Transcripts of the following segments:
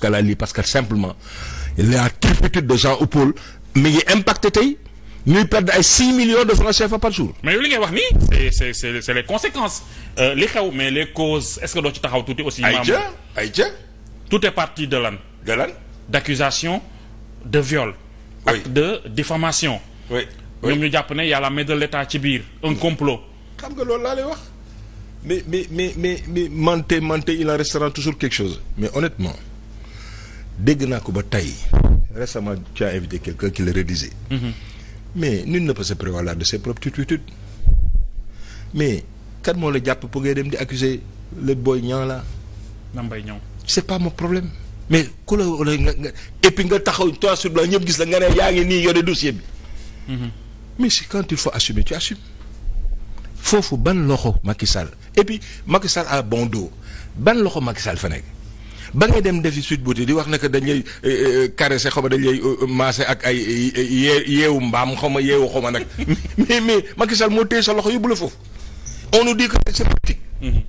jusqu'à la parce que simplement la turpitude de Jean Houpaul mi ngi impacté tey ñuy perdre ay 6 millions de francs CFA par jour. mais li ngay wax ni c'est c'est c'est les conséquences euh, li xew mais les causes est-ce que doo ci taxaw tuuti aussi. ay ja tout est partie de lan. de lan d'accusation de viol. oui acte de diffamation. oui ñoom ñu jàpp ne y a la main de l'État ci biir un complot. xam nga loolu laa lay wax mais mais mais mais mais menté menté il en restera toujours quelque chose mais honnêtement. dégg naa ko ba tey récemment tu as invité quelqu'un qui le rédigeait. Mm mais nul ne peut se prévaloir de ses propres mais kan moo la jàpp pour ngay di accuser le boy ñan la. Mame Mbaye Niang. c'est pas mon problème. mais ku la wala nga nga et nga taxaw toi sur blanc ñëpp gis la nga ne yaa ngi nii yore dossier bi. Mhm. mais si quand il faut assumer tu assumes. foofu ban loxo Macky Sall et puis Macky Sall a bon do ban loxo Macky Sall fa nekk. ba ngay dem defi suite booti di wax ne que dañ lay eh, eh, eh, caressé xaw ma dañ lay maase ak ay yee yeewu mbaam xaw ma yeewu xaw ma nag mais mais Macky Sall moo téye sa loxo yóbbu la foofu on nous dit que c'est politique mm-hmm.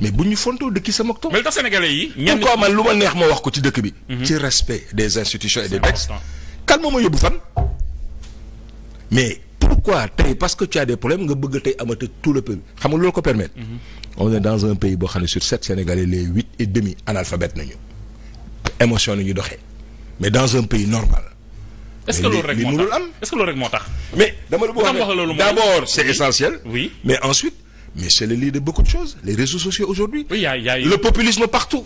mais bu ñu fontoo dëkki sama tool. mais tax sénégalais yi. ñenn ko man lu ma neex ma wax ko ci dëkk bi. Mm-hmm. ci respect des institutions et des textes. kan moo ma yóbbu fan mais. pourquoi tey parce que tu as des problèmes nga bëgg tey amata tout le pays xam nga loolu ko permettre. Mhm. on est dans un pays boo xam ne sur sept Sénégalais les huit et demi analphabètes nañu. émotion nañu doxee mais dans un pays normal. est-ce que loolu rek moo tax est-ce que moo tax. mais dama la bëgg d'abord c'est essentiel. oui mais ensuite mais c'est le lieu de beaucoup de choses les réseaux sociaux aujourd'hui le populisme partout.